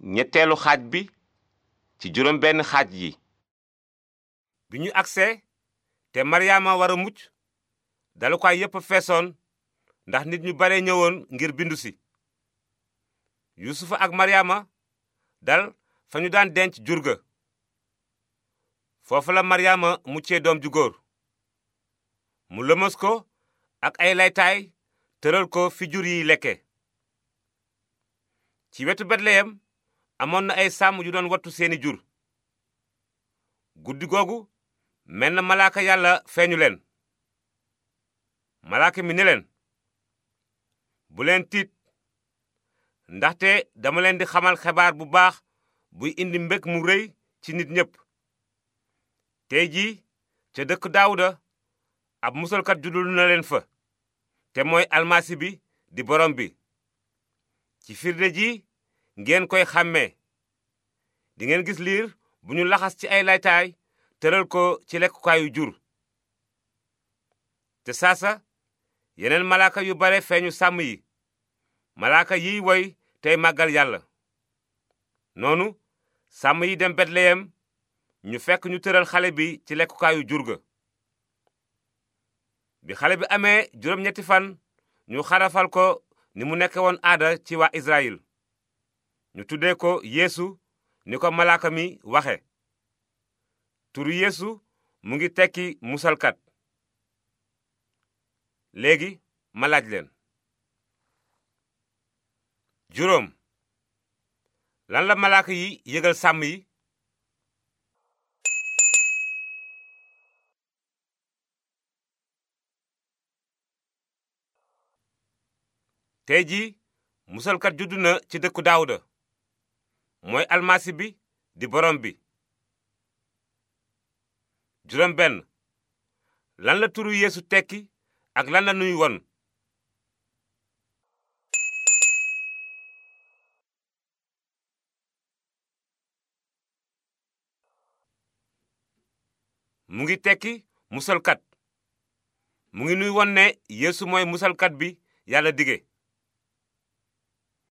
ñetteelu xaaj bi ci juróom benn xaaj yi bi ñu agsee te maryaama war a mucc dalukaay yépp feesoon ndax nit ñu bare ñëwoon ngir bindu si yusufa ak maryaama dal fa ñu daan denc jur ga foofu la maryaama muccee doom ju góor mu lëmas ko ak ay laytaay tëral ko fi jur yi lekke ci wetu betleyem amoon na ay sàmm yu doon wattu seeni jur guddi googu mel na malaaka yàlla feeñu leen malaaka mi ne leen bu leen tiit ndaxte dama leen di xamal xebaar bu baax buy indi mbég mu rëy ci nit ñépp te jii ca dëkk daawuda ab musalkat juddul na leen fa te mooy almasi bi di borom bi ci firnde ji ngeen koy xàmmee dingeen gis liir bu ñu laxas ci ay laytaay tëral ko ci lekkukaayu jur te saasa yeneen malaaka yu bare feeñu sàmm yi malaaka yiy woy tey màggal yàlla noonu sàmm yi dem betleyem ñu fekk ñu tëral xale bi ci lekkukaayu jur ga bi xale bi amee juróom-ñetti fan ñu xarafal ko ni mu nekke woon aada ci waa Israyil ñu tuddee ko yéesu ni ko malaaka mi waxe turu yéesu mu ngi tekki musalkat léegi ma laaj leen juróom lan la malaaka yi yëgal sàmm yi tey jii musalkat juddu na ci dëkku daawuda mooy almasi bi di borom bi juróom benn lan la turu yeesu tekki ak lan la nuy won mu ngi tekki musalkat mu ngi nuy won ne yeesu mooy musalkat bi yàlla dige